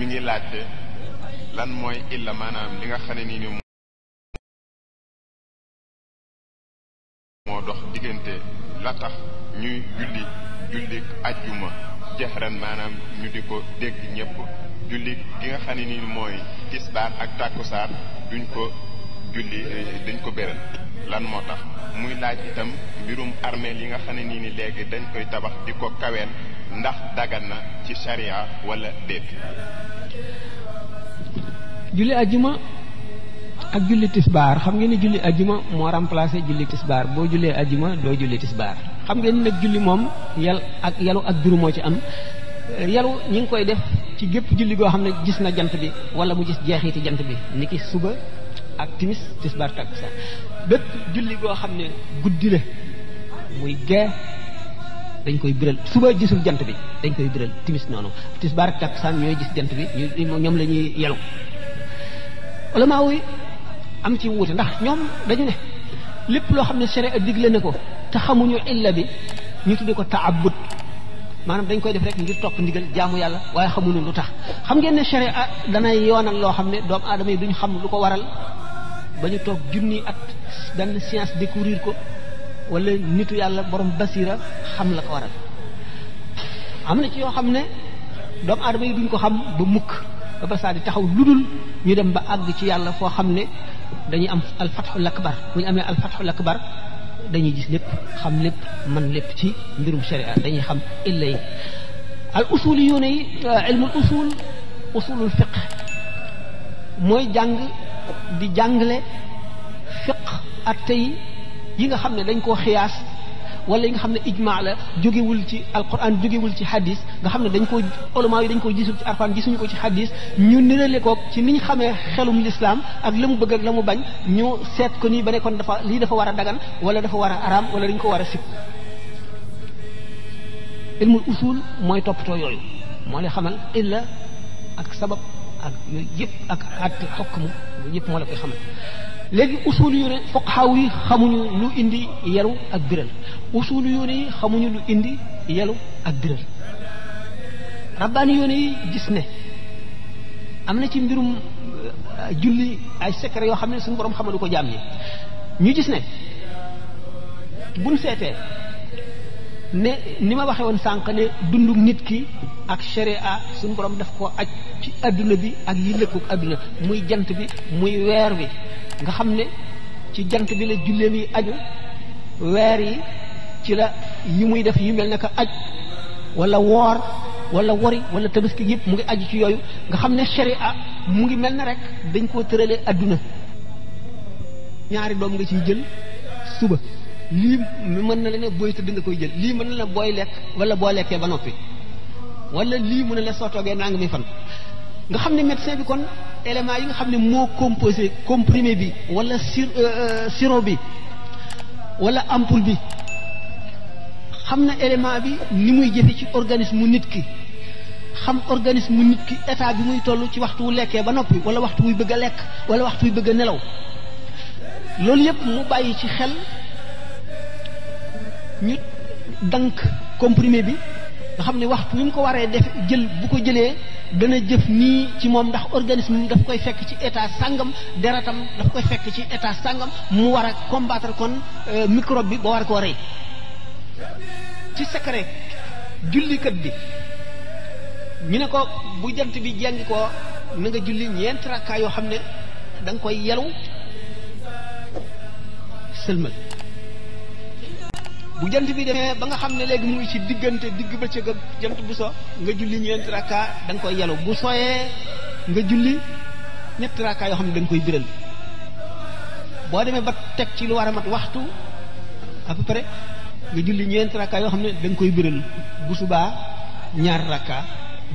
mi ngi laajte lan mooy illa maanaam li nga xam ne nii moo dox diggante la tax ñuy julli jullik ajjuma jexran maanaam ñu di ko dégg ñëpp julli gi nga xam ne nii mooy tisbaar ak tàkkusaar duñ ko julli dañ ko béral lan moo tax muy laaj itam mbirum armeel yi nga xam ne nii ni léegi dañ koy tabax di ko kaweel ndax daggat na ci sharia wala déet julli aljuma ak julli tisbar xam ngeen ni julli aljuma mo remplacer julli tisbar bo julle aljuma do julli tisbar xam ngeen ni nag julli mom yal ak yalu ak duru mo ci am yalu ñi ngi koy def ci gep julli go xamne gis na jant bi wala mu gis jeexiti jant bi niki suba ak timis tisbar tak sa bépp julli go xamne guddile muy gee dañ koy biral suba gisul jant bi dañ koy biral timis noonu tisbaar ak takkusaan ñooy gis jant bi ñoom la ñuy yelu ulamaa yi am ci wuute ndax ñoom dañu ne lépp loo xam ne sharia digle na ko te xamuñu illa bi ñu tudde ko taabut maanaam dañ koy def rek ngir topp ndigal jaamu yàlla waaye xamuñu lu tax xam ngeen ne sharia danay yoonal loo xam ne doomu aadama yi duñ xam lu ko waral ba ñu toog junni at benn science découvrir ko wala nitu yàlla borom basira xam la ko waral am na ci yoo xam ne doomu aadama yi duñ ko xam ba mukk ba basaa di taxaw ludul ñu dem ba àgg ci yàlla foo xam ne dañuy am lakk akbar bu ñu amee alfatxul bar dañuy gis lépp xam lépp man lépp ci mbirum sharia dañuy xam illa yi al usuli yoone yi euh, ilmul usul usulul fiq mooy jàng di jàngle fiq atte yi yi nga xam ne dañ koo xiyaas wala yi nga xam ne ijmaa la jógewul ci alquran jógewul ci hadis nga xam ne dañ koo ulama yi dañ koo gisul ci arfan gisuñu ko ci hadis ñu nirale ko ci niñ xamee xelum lislaam ak la mu bëgg ak la mu bañ ñu seet ko nii ba ne kon dafa lii dafa war a dagan wala dafa war a araam wala dañ ko war a sib ilmul usul mooy toppatoo yooyu moo lay xamal illa ak sabab ak yooyu yëpp ak àtte xokk mu yooyu moo la koy xamal léegi usul yu ne fuqahaw yi xamuñu lu indi yelu ak biral usul yu ne yi xamuñu lu indi yelu ak biral rabbaani yoone yi gis ne am na ci mbirum euh, julli ay secret yoo xam ne suñ borom xamalu ko jaam yi ñu gis ne buñ seetee ne ni ma waxee woon sànq ne dundu nit ki ak sharia suñu borom def ko aj ci adduna bi ak yi lëkkuk adduna muy jant bi muy weer bi nga xam ne ci jant bi la julleem yi aju weer yi ci la yi muy def yu mel ne aj wala woor wala wori wala tabaski yëpp mu ngi aju ci yooyu nga xam ne sharia mu ngi mel na rek dañ koo tëralee adduna ñaari doom nga ciy jël suba lii mën na la booy tëdd nga koy jël lii mën na leen booy lekk wala boo lekkee ba noppi wala lii mën na la soo toogee naa ngi muy fan nga xam ne médecin bi kon élément yi nga xam ne composé comprimé bi wala si sirop bi wala ampoule bi xam élément bi ni muy jëfe ci organisme nit ki xam organisme nit ki état bi muy toll ci waxtu wu lekkee ba noppi wala waxtu wuy bëgg a wala waxtu wuy bëgg nelaw loolu yépp mu bàyyi ci xel ñu dank comprimé bi nga xam ne wax wi mu ko waree def jël bu ko jëlee dana jëf nii ci moom ndax organisme bi daf koy fekk ci état sangam deretam daf koy fekk ci état sangam mu war a combattre kon euh, microbe bi ba war koo rey ci secret jullikat bi ñu ne ko bu jant bi jeng ko na nga julli ñeent rakkaay yoo xam ne da koy yelu sëlmal bu jant bi demee ba nga xam ne léegi mu ngi ci diggante digg bëccëg ak jant bu so nga julli ñeenti rakka da koy yelu bu sooyee nga julli ñetti rakka yoo xam ne da koy biral demee ba teg ci lu a mat waxtu à nga julli ñeenti rakka yoo xam ne da koy biral bu subaa ñaar rakka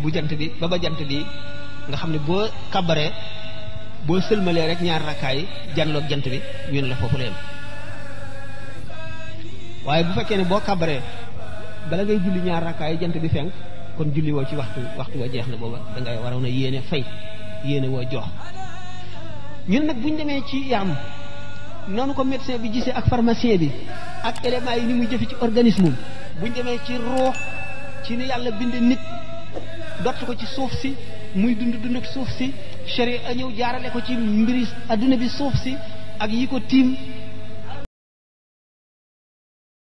bu jant bi ba ba jant bi nga xam ne boo kabaree boo sëlmalee rek ñaar rakka yi janloog jant bi ñun la foofu la yem waaye bu fekkee ne boo kabaree bala ngay julli ñaar rakkaay jant bi fenk kon julli woo ci waxtu waxtu wa jeex na booba da ngay waroon a yéene fay yéene woo jox ñun nag buñ demee ci yaam noonu ko médecin bi gisee ak pharmacien bi ak éléments yi ni muy jëfe ci organisme buñ demee ci ruux ci ni yàlla bind nit dott ko ci suuf si muy dund dund suuf si sharia a ñëw jaarale ko ci mbiri adduna bi suuf si ak yi ko tiim